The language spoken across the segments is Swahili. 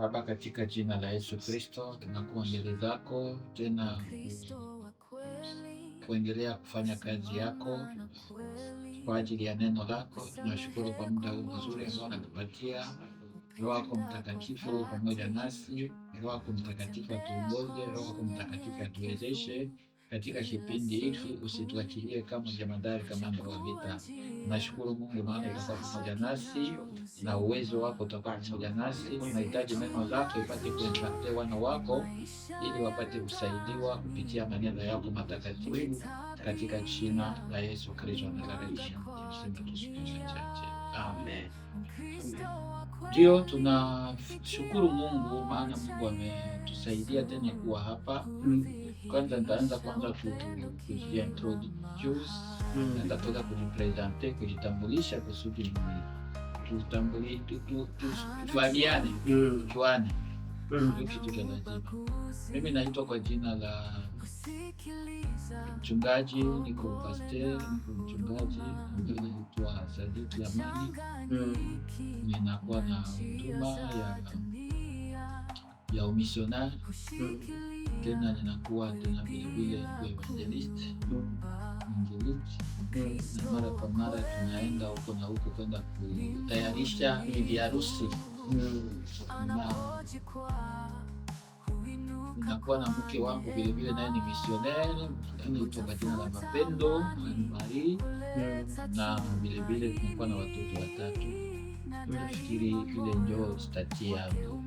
Baba, katika jina la Yesu Kristo, tunakuwa mbele zako tena kuendelea kufanya kazi yako kwa ajili ya neno lako. Tunashukuru kwa muda huu mzuri ambao unatupatia. Roho yako Mtakatifu pamoja nasi. Roho yako Mtakatifu atuongoze. Roho yako Mtakatifu atuwezeshe katika kipindi hiki, usituachilie kama jemadari kamanda wa vita. Nashukuru Mungu maana sasa pamoja nasi na uwezo wako utakuwa pamoja nasi. Unahitaji neno lako ipate kuenea wana wako, ili wapate kusaidiwa kupitia maneno yako matakatifu, katika jina la Yesu Kristo wa Nazareti. Amen. Ndio, tunashukuru Mungu maana Mungu ametusaidia tena kuwa hapa mm kwanza nitaanza kwanza kujiintroduce, nitatoka kujipresente, kujitambulisha kusudi tufahamiane, mm. tujuane. Mm. Kitu cha lazima. Mimi naitwa kwa jina la mchungaji, niko pastor, niko mchungaji ambaye naitwa Sadiki Amani. Mm. Ninakuwa na huduma ya ya umisionari tena ninakuwa tena vilevile evangelist mwinjilisti, na mara kwa mara tunaenda huko na huko kwenda kutayarisha bibi harusi nakuwa na mke wangu vilevile, naye ni misioneri kutoka jina la Mapendo Mari, na vilevile tunakuwa na watoto watatu. Nafikiri ile njoo stati yangu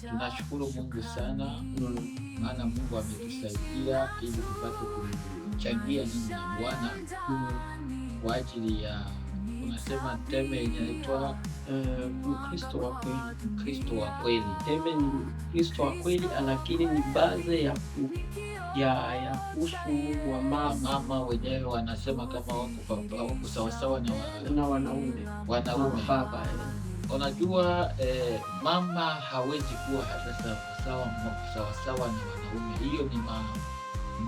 Tunashukuru Mungu sana, mm. maana Mungu ametusaidia ili tupate kuchangia nini Bwana kwa ajili ya unasema teme inaitwa Mkristo eh, wa kweli. Mkristo wa kweli, teme ni Mkristo wa kweli, lakini ni baadhi ya ya ya usu wa mama mama wenyewe wanasema kama wako sawasawa na wanaume wanaume baba unajua eh, mama hawezi kuwa sawa sawasawa na wanaume. Hiyo ni, ma,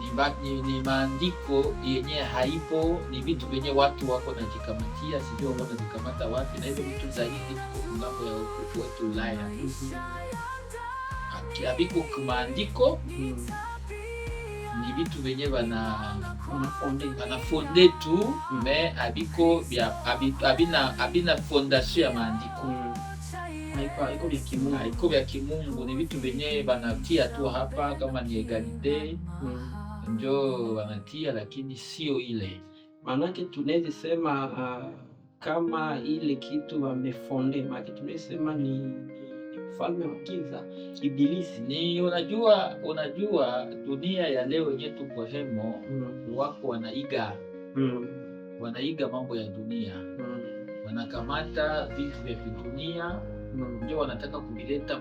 ni, ma, ni, ni maandiko yenye haipo, ni vitu vyenye watu wako najikamatia, sijui wanajikamata wapi, na hivyo vitu zaidi ngambo ya wetu Ulaya haviko kumaandiko ni vitu venye vanafonde tu me abiko abina fondation ya maandiko mm. aiko vya kimungu, ni vitu venye vanatia tu hapa, kama ni egalite mm. njo wanatia, lakini sio ile maanake tunaweza sema uh, kama ile kitu wamefonde maanake tunaweza sema ni ufalme wa giza, Ibilisi. Ni unajua, unajua dunia ya leo yenye tupo hemo mm. wako wanaiga mm. wanaiga mambo ya dunia mm. wanakamata vitu vya kidunia mm. ndio wanataka kuvileta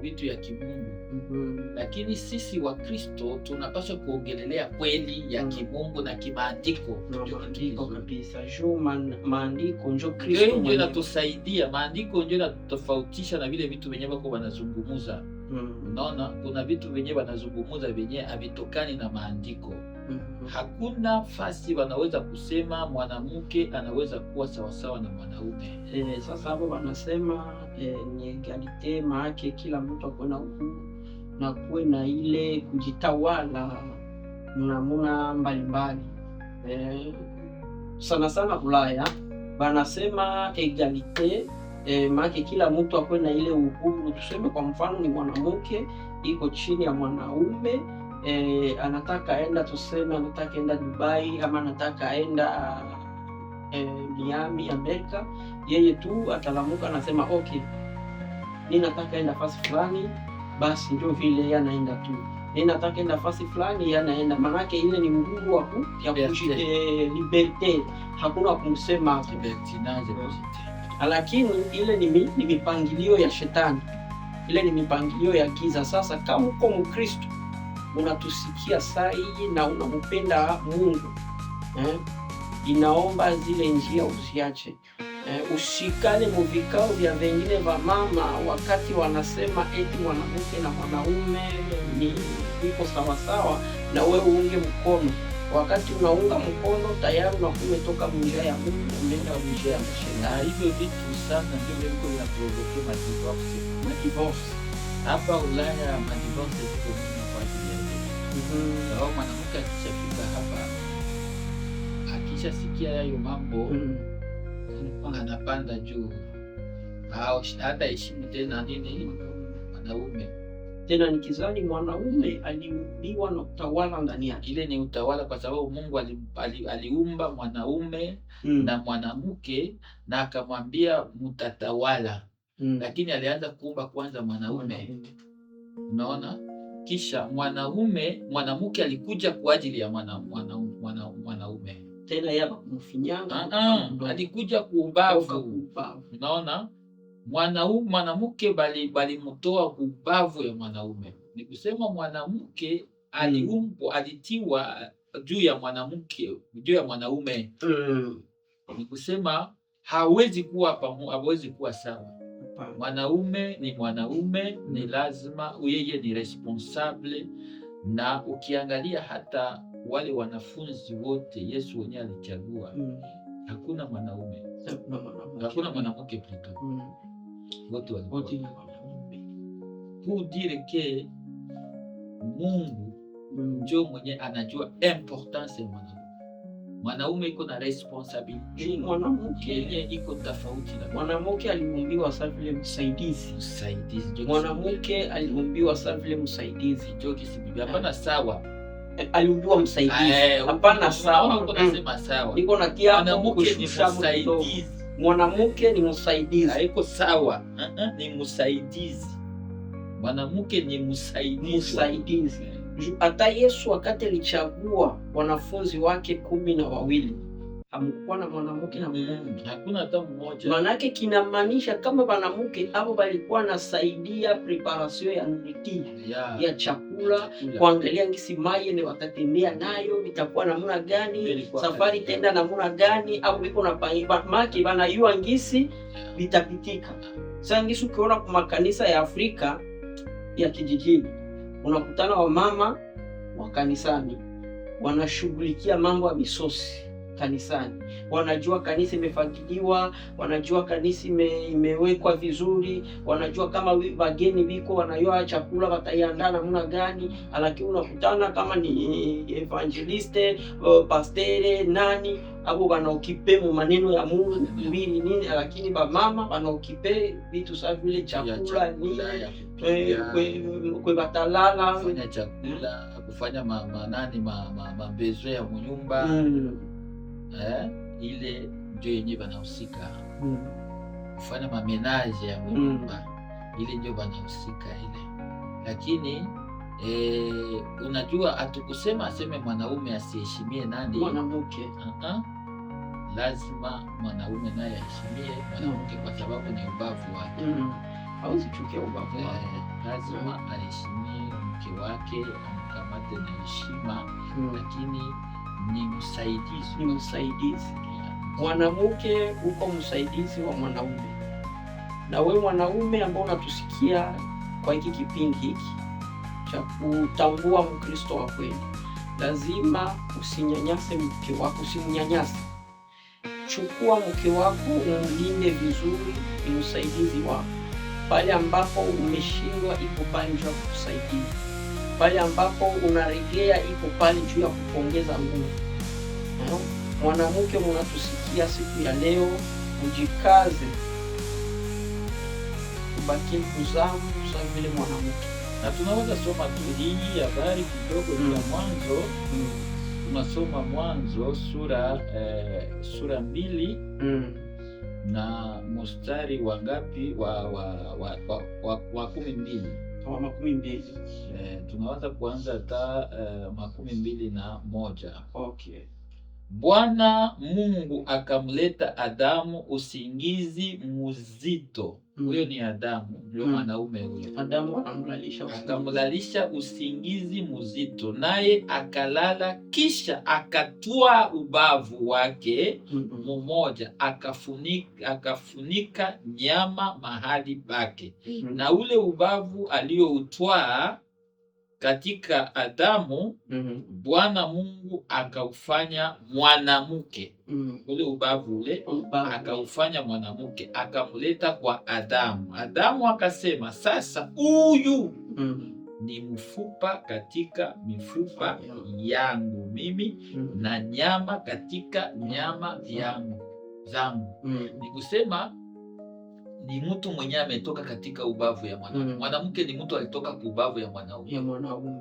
vitu ya kimungu mm -hmm. Lakini sisi wa kristo tunapaswa kuongelelea kweli ya mm -hmm. kimungu na kimaandiko no, kabisa. Jo maandiko njo Kristo ndio inatusaidia, maandiko ndio inatofautisha na vile vitu venye vako wanazungumuza Mm. Unaona, kuna vitu vyenyewe wanazungumza vyenyewe havitokani na maandiko. Mm-hmm. Hakuna fasi wanaweza kusema mwanamke anaweza kuwa sawasawa na mwanaume. E, sasa hapo wanasema e, ni egalite, maake kila mtu akuwe na uhuru na kuwe na ile kujitawala namuna mbalimbali. E, sana sana Ulaya wanasema egalite e, maake kila mtu akuwe na ile uhuru. Tuseme kwa mfano ni mwanamke iko chini ya mwanaume e, anataka aenda, tuseme anataka enda Dubai ama anataka aenda e, Miami Amerika, yeye tu atalamuka, anasema okay, nataka enda fasi fulani, basi ndio vile yeye anaenda tu nataka enda fasi fulani yanaenda, manake ile ni nguru wa ku ya liberte, hakuna kumsema. Lakini ile ni mipangilio ya shetani, ile ni mipangilio ya giza. Sasa kama uko Mkristo unatusikia saa hii na unampenda Mungu eh, inaomba zile njia usiache eh, usikane muvikao vya vengine va mama wakati wanasema eti mwanamke na mwanaume ni iko sawasawa, na wewe uunge mkono wakati unaunga mkono tayari unakuwa umetoka munjia ya Mungu unaenda munjia ya mashindano. Ah, hivyo vitu sana ndio viko vinaprovokea madivorce, madivorce hapa Ulaya ya madivorce ziko mingi kwa ajili ya hiyo. Au mm-hmm. mwanamke akishafika hapa akishasikia hayo mambo mm-hmm. anapanda juu, au hata heshima tena nini mwanaume tena nikizani mwanaume aliumbiwa na utawala ndani yake. Ile ni utawala, kwa sababu Mungu aliumba ali, ali mwanaume mm. na mwanamke na akamwambia mutatawala mm. lakini alianza kuumba kwanza mwanaume, unaona kisha mwanaume mwanamke alikuja kwa ajili ya mwanaume mwana, mwana, tena yeye akamfinyanga, ah, ah, alikuja kuumbavu, unaona mwanaume mwanamke bali kubavu ya mwanaume. Ni kusema mwanamke aliumbwa hmm. alitiwa juu ya mwanamke juu ya mwanaume mm. Ni kusema hawezi kuwa pamoja, hawezi kuwa sawa. Mwanaume ni mwanaume mm. Ni hmm. lazima yeye ni responsable, na ukiangalia hata wale wanafunzi wote Yesu wenyewe alichagua mm. Hakuna mwanaume hakuna mwanamke, pia watu dire que Mungu njo mwenye anajua importance ya mwanamke. Mwanaume iko na responsibility, mwanamke iko tofauti na mwanamke. Aliumbiwa sawa vile msaidizi, msaidizi. Mwanamke aliumbiwa sawa vile msaidizi, jo kisibibi. Hapana, sawa eh, aliumbiwa msaidizi. Eh, hapana, mm. sawa. Niko na kiapo kushusha msaidizi mwanamke ni msaidizi. Haiko sawa. Uh Ni msaidizi. Mwanamke ni msaidizi, msaidizi. Hata Yesu wakati alichagua wanafunzi wake kumi na wawili amekuwa na mwanamke na mume, mm, hakuna hata mmoja. Manake kinamaanisha kama wanamuke avo walikuwa nasaidia preparation ya nuriti yeah, ya chakula kuangalia ngisi maye ni watatembea nayo vitakuwa namuna gani, safari itaenda namuna gani, au iko na make wanayua ngisi vitapitika. Sasa ngisi ukiona kwa makanisa ya Afrika ya kijijini unakutana wamama wa kanisani wanashughulikia mambo ya misosi kanisani. Wanajua kanisa imefagiliwa, wanajua kanisa ime, imewekwa vizuri, wanajua kama wageni viko wanajua chakula wataiandaa namna gani, lakini unakutana kama ni e, evangeliste pastere nani abo wanaokipe mu maneno ya Mungu mbili nini, lakini bamama wanaokipe vitu sa vile chakula nini kwe batalala kufanya ma, ma, nani ma, ma, ya munyumba mm eh, ile ndio yenyewe banahusika mm. kufanya mamenaje ya murumba mm. ile ndio banahusika ile, lakini eh, unajua atukusema aseme mwanaume asiheshimie nani mwanamke uh -huh. lazima mwanaume naye aheshimie mwanamke mm. kwa sababu ni ubavu wake mm. sichukie ubavu eh, lazima mm. aheshimie mke wake amkamate na heshima mm. lakini ni msaidizi, ni msaidizi. Mwanamke uko msaidizi wa mwanaume, na we mwanaume ambao unatusikia kwa hiki kipindi hiki cha kutambua Mkristo wa kweli, lazima usinyanyase mke wako, usimnyanyase. Chukua mke wako, umlinde vizuri, ni msaidizi wako. Pale ambapo umeshindwa, iko pale kusaidia pale ambapo unaregea iko pale juu ya kupongeza mungu Mwanamke munatusikia siku ya leo, ujikaze ubaki kuzamu sawa vile mwanamke, na tunaweza soma tu hii habari kidogo ya mm. mwanzo mm. tunasoma Mwanzo sura eh, sura mbili mm. na mustari wa ngapi wa, wa, wa, wa, wa, wa wa toa makumi mbili. Eh, tunaweza kuanza taa uh, eh, makumi mbili na moja. Okay. Bwana Mungu akamleta Adamu usingizi muzito. Mm. Huyo mm. ni Adamu, ndio mm. mwanaume huyo. Adamu akamlalisha akamlalisha usingizi muzito, naye akalala. Kisha akatwaa ubavu wake mmoja mm akafunika, akafunika nyama mahali pake mm na ule ubavu aliyoutwaa katika Adamu mm -hmm. Bwana Mungu akaufanya mwanamke mm -hmm. ule ubavu ule akaufanya mwanamke akamleta kwa Adamu. Adamu akasema sasa huyu mm -hmm. ni mfupa katika mifupa yangu mimi mm -hmm. na nyama katika nyama yangu zangu mm -hmm. ni kusema ni mtu mwenye ametoka katika ubavu ya mwanaume. Hmm. Mwanamke ni mtu alitoka kuubavu ya mwanaume ya mwanaume,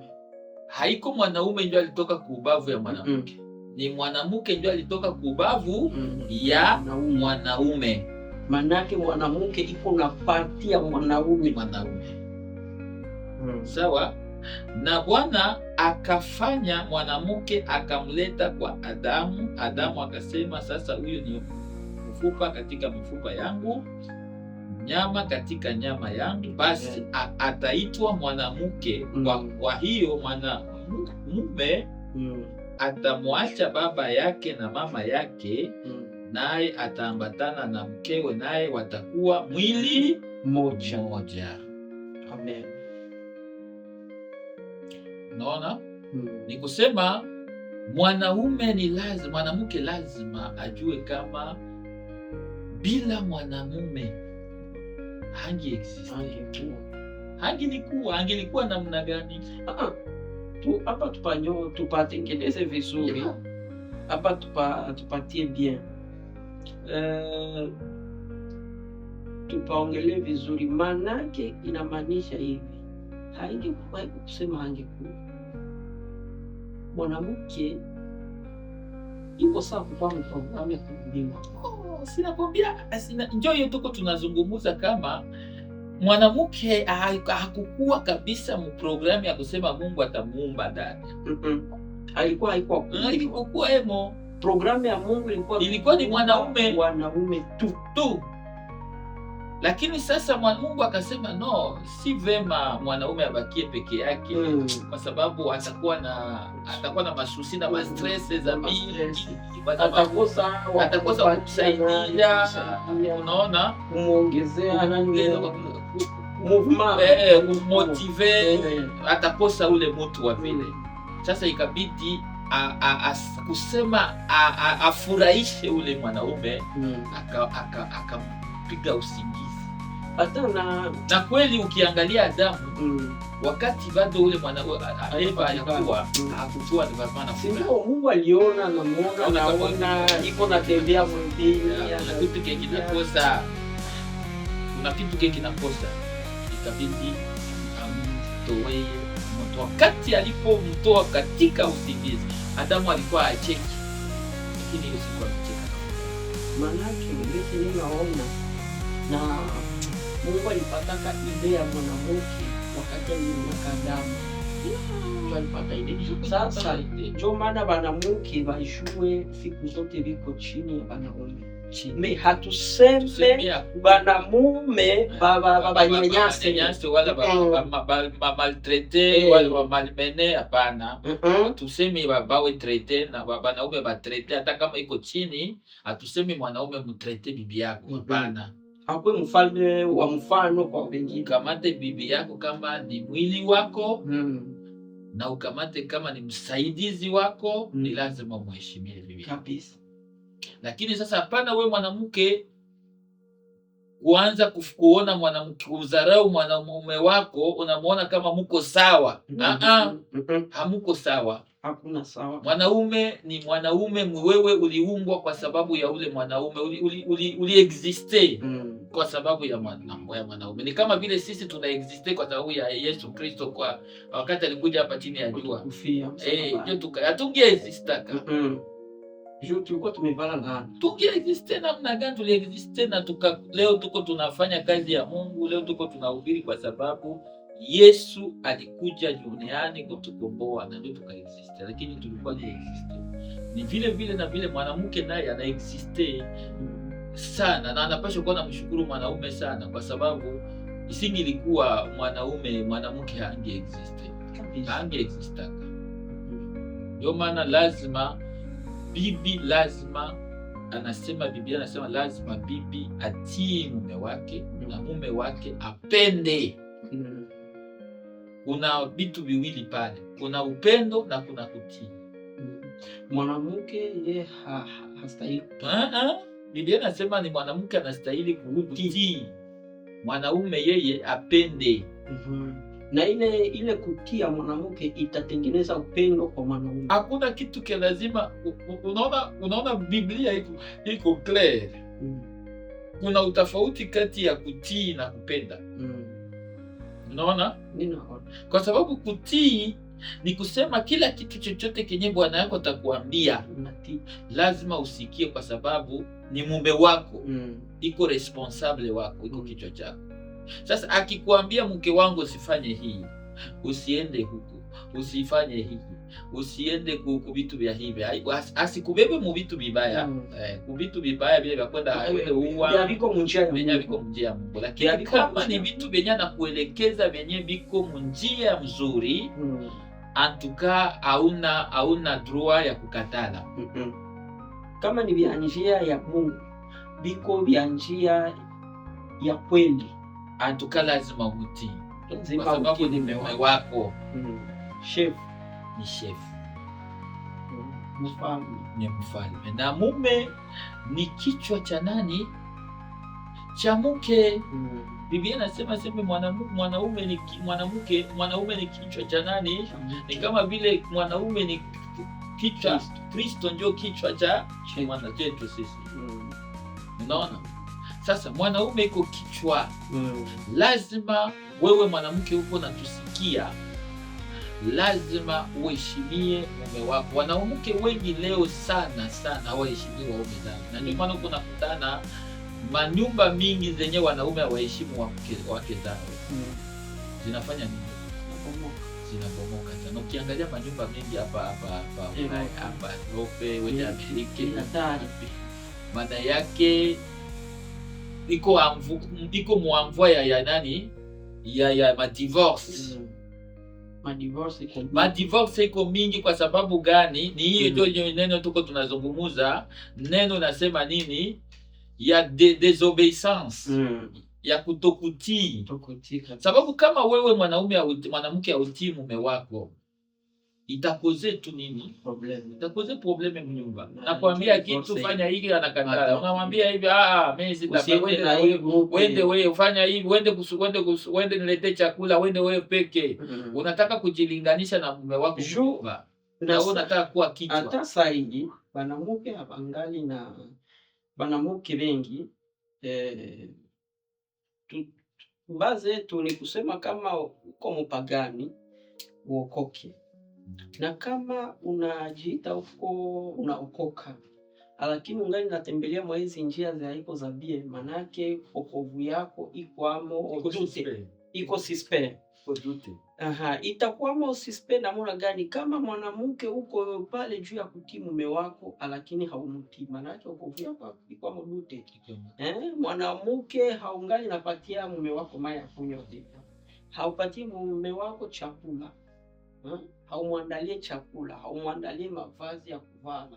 haiko mwanaume ndio alitoka ubavu ya mwanamke mm ni mwanamke ndio alitoka kuubavu ubavu -mm. ya mwanaume. Manake mwanamke iko nafasi ya mwanaume mwanaume mm. sawa na Bwana akafanya mwanamke akamleta kwa Adamu. Adamu akasema, sasa huyu ni mfupa katika mifupa yangu nyama katika nyama yangu, basi yeah. ataitwa mwanamke mm. kwa, kwa hiyo mwanamume mm. atamwacha baba yake na mama yake mm. naye ataambatana na mkewe, naye watakuwa mwili moja moja. Naona mm. ni kusema mwanaume ni lazima, mwanamke lazima ajue kama bila mwanamume hangi exist, hangekuwa hangelikuwa hangelikuwa namna gani? Hapa uh Tupanyo tupatengeneze vizuri hapa, yeah. Tupatie bien uh, tupaongele vizuri, maanake inamaanisha hivi, haingekuwa kusema hangekuwa mwanamke iko saa kukwamekogame kumbingu sinakwambia, njoo hiyo, tuko tunazungumza kama mwanamke hakukuwa kabisa mprogramu ya kusema Mungu atamuumba dada. Alikuwa haikuwa mm, hemo, programu ya Mungu ilikuwa ilikuwa ni mwanaume mwanaume tu tu lakini sasa Mungu akasema no, si vema mwanaume abakie peke yake mm. kwa sababu atakuwa na atakuwa na masusi na hmm. mastress za mingi, atakosa kusaidia, unaona, kumotive, eh, eh, eh. atakosa ule mutu wa vile mm. Sasa ikabidi A, a, a, kusema afurahishe ule mwanaume mm. Akapiga aka, aka usingizi hata Na na kweli ukiangalia Adamu mm. wakati bado ule mwana Eva alikuwa hakujua ni baba na furaha. Sio Mungu aliona na muona na muona iko na tembea mwingine. na kitu kingi na kosa. Kuna kitu kingi na kosa. Itabidi amtoe mtu. Wakati alipomtoa katika usingizi, Adamu alikuwa acheki. Lakini usiku kucheka. Manake yake ndio ninaona na Mungu alipataka ile ya mwanamke wakati alimweka Adamu. Sasa ndio maana wanamke waishue siku zote viko chini ya wanaume me hatuseme banamume eh, babanyanyase bamaltrete eh. eh. bamalmene, hapana. Hatusemi bawetrete na banaume batrete, hata kama iko chini. Hatusemi mwanaume mutrete bibi yako, hapana hakuwe mfalme wa mfano kwa wengine. Ukamate bibi yako kama ni mwili wako hmm. na ukamate kama ni msaidizi wako hmm. ni lazima muheshimie bibi kabisa. Lakini sasa hapana, we mwanamke kuanza kuona mwanamke uzarau mwanamume wako, unamuona kama muko sawa. mm -hmm. hamuko sawa hakuna sawa. Mwanaume ni mwanaume, wewe uliumbwa kwa sababu ya ule mwanaume uli, uli, uli, uli mm. kwa sababu ya mambo ya mwanaume. Ni kama vile sisi existe kwa sababu ya Yesu Kristo, kwa wakati alikuja hapa chini ya jua eh, hatungeexistaka tulikuwa tumevala na tungeexiste namna gani? Tuliexiste na tuka, leo tuko tunafanya kazi ya Mungu, leo tuko tunahubiri kwa sababu Yesu alikuja duniani kutukomboa na ndio tukaexiste, lakini tulikuwa ni existe ni vile vile, na vile mwanamke naye anaexiste sana, na anapaswa kuwa namshukuru mwanaume sana, kwa sababu isingi ilikuwa mwanaume mwanamke hangeexiste hangeexistaka. Ndio maana lazima bibi, lazima anasema Biblia anasema lazima bibi atii mume wake na mume wake apende mm kuna vitu viwili pale, kuna upendo na kuna kutii. Mwanamke yeye hastahili, Biblia nasema ni mwanamke anastahili kutii, mwanaume yeye apende. mm-hmm na ile ile kutia mwanamke itatengeneza upendo kwa mwanaume. Hakuna kitu ke lazima. Unaona, unaona Biblia iko iko clear. Mm. Kuna utofauti kati ya kutii na kupenda. Mm. Unaona? Ninaona. Kwa sababu kutii ni kusema kila kitu chochote kenye bwana yako atakuambia lazima usikie, kwa sababu ni mume wako mm. iko responsable wako iko mm. kichwa chako. Sasa akikuambia mke wangu usifanye hii, usiende huku usifanye hiki, usiende ku vitu vya hivi, asikubebe mu vitu vibaya mm. Eh, ku vitu vibaya vile vya kwenda uwa viko munjia ya viko munjia Mungu, lakini kama ni vitu venya na kuelekeza venye viko munjia mzuri mm. Antuka hauna hauna droit ya kukatala Kama ni vya njia ya Mungu viko vya njia ya kweli, antuka lazima utii kwa sababu ni mume wako mm Chef ni chef, mfalme ni mfalme, na mume ni kichwa cha nani? Cha mke. Mm. Biblia nasema sema mwanaume ni mwanamke, mwanaume ni kichwa cha nani? Ni kama vile mwanaume ni kichwa, Kristo ndio kichwa cha mwana chetu sisi. Mm. Unaona? Sasa mwanaume iko kichwa. Mm. Lazima wewe mwanamke uko natusikia lazima uheshimie mume wako. Wanawake wengi leo sana sana hawaheshimii waume zao, na ndio maana kunakutana manyumba mingi zenye wanaume hawaheshimu wake zao mm. zinafanya nini? Zinabomoka sana. Ukiangalia manyumba mengi hapa hapa hapa eh, hapa Europe, wete Amerika, maana yake iko amvu, iko muamvua ya, ya nani ya ya ma divorce mm madivorce iko mingi. Kwa sababu gani? Ni hiyo mm -hmm. Neno tuko tunazungumuza neno nasema nini ya de mm -hmm. ya kutokutii, sababu kama wewe mwanaume mwanamke autii mume wako itakoze tu nini problem, itakoze problem ya nyumba. Nakwambia kitu fanya hiki, anakataa. Unamwambia hivi, ah, mimi sitapenda, wende wewe ufanya hivi, wende kusu, wende kusu, wende niletee chakula, wende wewe peke. Mm. Mm-hmm. Unataka kujilinganisha na mume wako shuba, na wewe unataka kuwa kichwa. Hata saidi banamuke habangali na banamuke wengi eh, tu, baze tu ni kusema kama uko mpagani uokoke na kama unajiita huko unaokoka, lakini ungali natembelea mwa hizi njia za iko za bie, manake okovu yako iko amo odute iko sispe odute, aha, amo sispe namona gani? Kama mwanamke huko pale juu ya kutii mume wako, lakini haumutii, manake okovu yako iko amo dute eh, mwanamke haungali napatia mume wako maya ya kunywa, haupatii mume wako chakula ha? Hmm? haumwandalie chakula, haumwandalie mavazi ya kuvaa,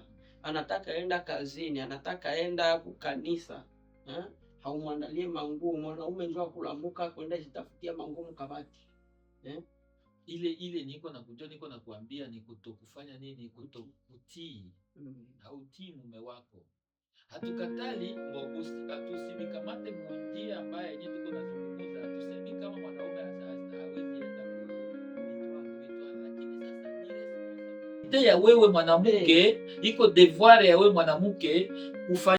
anataka enda kazini, anataka enda kukanisa ha? haumwandalie manguo. Mwanaume ndio akulambuka kwenda jitafutia manguo mkabati eh? ile ile niko na kujua, niko na kuambia ni kutokufanya nini, kutokutii mm. hautii mume wako. Hatukatali mwagusi, hatusimikamate mate ambaye yenyewe tuko nazungumza, hatusemi kama mwanaume kote ya wewe mwanamke, iko devoir ya wewe mwanamke